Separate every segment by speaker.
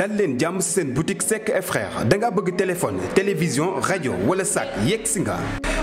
Speaker 1: dal leen jàmm ci seen boutique Seck et frères da nga bëgg téléphone télévision rajo wala sac yegg si nga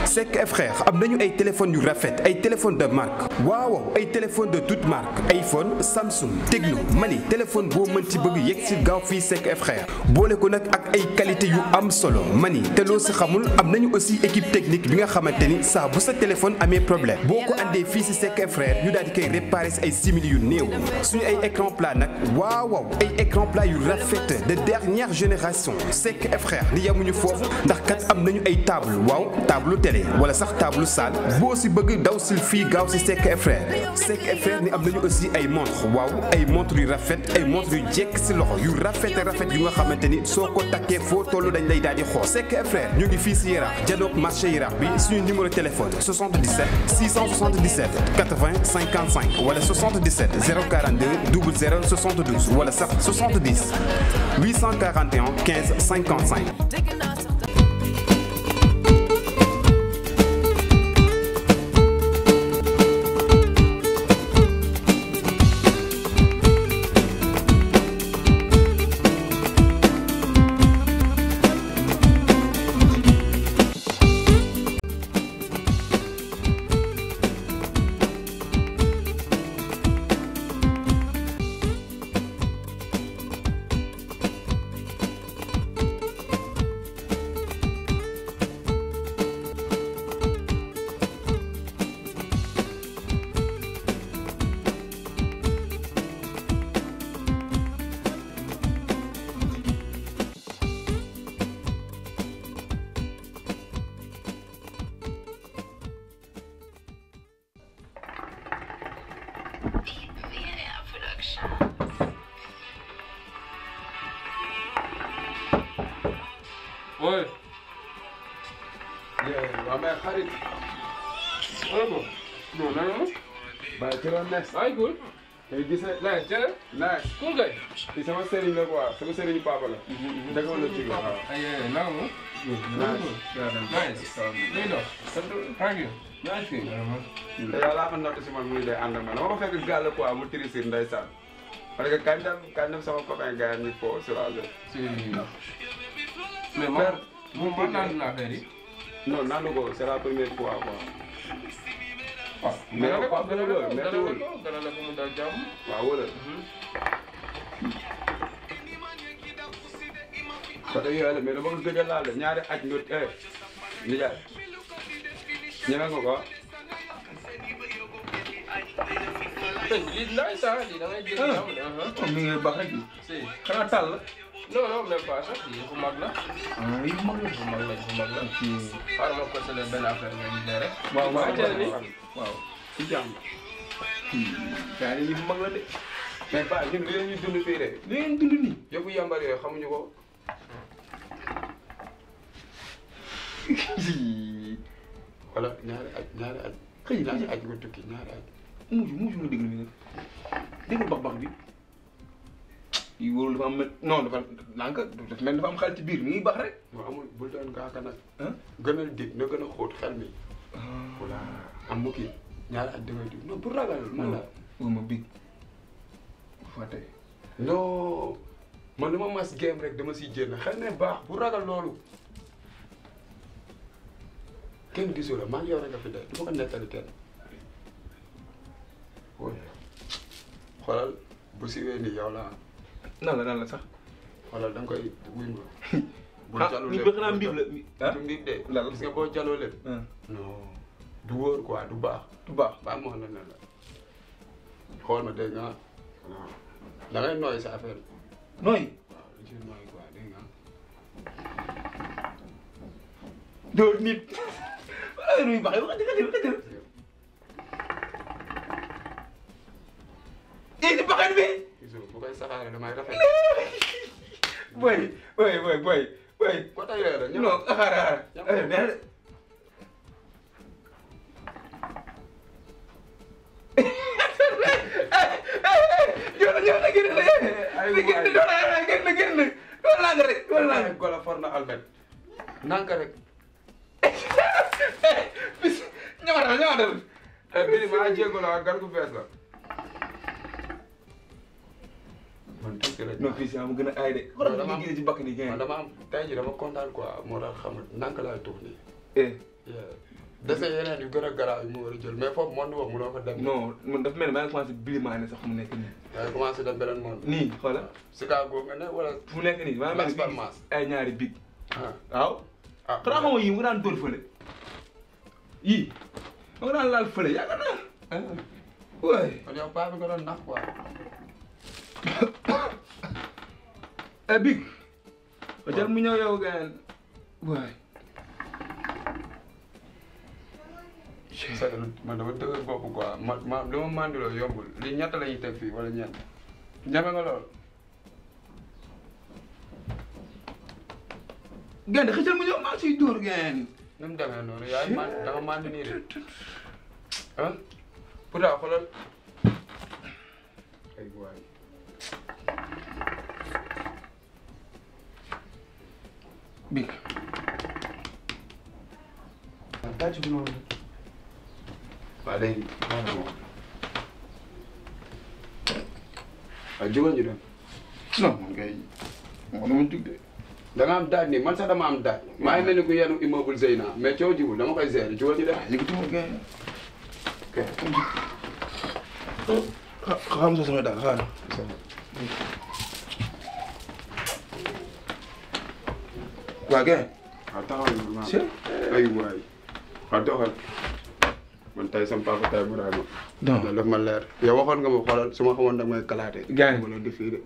Speaker 1: Seck et frères am nañu ay téléphones yu rafet ay téléphones de marque waaw ay téléphones de toute marque iPhone Samsung Tecno mani téléphone boo mën ci bëgg yegg si gaaw fii Seck et frères boole ko nag ak ay qualité yu am solo mani te loo si xamul am nañu aussi équipe technique bi nga xamante ni saa bu sa téléphone amee problème boo ko andee fii si sekk et frères ñu daal di koy réparer si ay simili yu néew suñu ay écran plat nag waaw ay écran plat yu rafet de dernière génération Seck et foofu ndax kat am nañu ay table waaw table télé wala sax table salle boo si bëgg daw sil fii gaaw si Seck et frère Seck et ni am nañu aussi ay montre waaw ay montre yu rafet ay montre yu jekk si loxo yu rafet rafet yu nga xamante ni soo ko takkee foo toll dañ lay daal di xool Seck et ñu ngi fii si Yaraax janook marché Yaraax bi suñu numéro téléphone 77 677 80 55 wala 77 042 00 72 wala sax 70 841 15 55
Speaker 2: Oi. E aí, lá minha carinha. Olha, bro. No, no, no. But good. tey gis nañ. naaj jërë. naaj. cool kay. fii sama sëriñ la quoi sama sëriñ papa la. dëgg la ci quoi waaw. aywa naa ko. naaj naaj. muy dox. sant te yàlla xam natt si man muy day ànd ak man dama ko fekk gàll quoi mu tiri si ndeysaan parce que kañ dem kañ dem sama copain gars yi ñu foo mais man moom man naanu na affaire yi. non naanu ko c' est la première fois quoi. waaw ah, mais nag Pape gën a lool météo gën a la ko mu daal jàmm. waaw wala. parce que yooyu la mais dama gëj a laal ñaari at nga eh nijaay ñeme nga ko. lii lay saa lii da ngay jël. ah, ah. Oh, mi ngi baax rek. Eh. si xanaa tàll. non non même pas sax yii bu mag la. Ah, yii bu mag la bu mag la bu mag la. xaaral ma conseillé benn affaire nga ñu rek. waaw waaw waaw ci jàmm. Hmm. gaa mag la de. mais ba ñun li ñu dund fii de. li ngeen dund nii. yëfu yàmbar yooyu xamuñu ko. voilà ñaari at ñaari at. xëy muusu muusu mu déglu nii nag déglu bax bax bi. kii wóorul dafa am non dafa lànk dafa mel dafa am xel ci biir mi ngi baax rek. waaw amul bul doon ngaaka nag. gën a dig na gën a xóot xel mi. Ah. voilà am mu kii ñaari at dangay dig non pour ragal man la. ma big fa tey. non man lu ma mas game rek dama siy jéem xel ne baax bu ragal loolu. kenn gisu la maa ngi yow rek nga fi dee du ma ko nettali kenn. xoolal bu siwee nii yow la nan la nan la sax. xoolal da nga koy wéngu. bul jàllu lépp ah xanaa la ah mbiib de. lan parce que boo jàlloo lépp. Ah. non du wóor quoi baax. du baax baax la xool bi. nooy. waaw li ci nooy quoi dégg nga. doo nit. ay ruy baax yi wax dëgg dëgg bi. tayla damay rafet. booy booy booy booy booy. boo tayla la ñu. non xaaral xaaral. nanka rek bis ñëwatal ñëwatal. bii maa jéego la gargu bees la. non fii si mu gën a aay de. xoolal bi ñu génne gën dama am tey jii dama kontaan quoi moo tax xam nga nank laay tuuf nii. eh. dese yeneen yu gën a garaaw yi mu war a jël mais foofu monde boobu mënoo fa dem. non man dafa mel ni maa ngi commencé bilimaane sax fu nekk nii. yaa ngi commencé dem beneen ah, nga ne wala. fu mu nekk nii maa ngi mel ni ay ñaari big. Ah. waaw. ah xanaa xamoo yii mu ngi daan dóor fële. yii mu ngi daan laal fële yàgg na. Ah. waaye. kon yow paa bi nga doon nax quoi. eh Big. waaw mu ñëw yow gars waay. man dama dëgër bopp quoi ma ma li ma mandiloo yombul li ñett la ñuy teg fii wala ñeent ñeme nga lool. gaynde xëccal mu ñëw maa siy dóor gaynde. ni mu demee noonu yaay man mandi nii de ah pourtant xoolal ay bir. Kaç gün oldu? Aleyh. waaw jógal ñu dem. non man kay manuma jug de. da am daaj nii man sax dama am daaj. maa ngi mel ni ku yenu immeuble Zeyna mais coow jiwul dama koy gérer jógal ñu dem. waaw yëkkati ma kay. ok. xam nga sama daal xaaral. waa ah, kay. waaw taxawal ma ay waay waaw ah, doxal man tey sama papa tey raay ma. donc loolu ma leer yow waxoon nga ma xoolal su ma xamoon da may kalaate. gars yi ma leen di fii de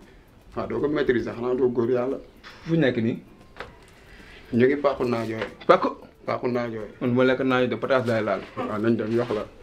Speaker 2: waaw ah, doo ko maîtriser xanaa doo góor yàlla. fu nekk nii. ñu ngi paaxu naajoo. paaxu. paaxu naajoo. man bu ma lekk naajoo de pataas laay laal. waaw nañ dem yox la.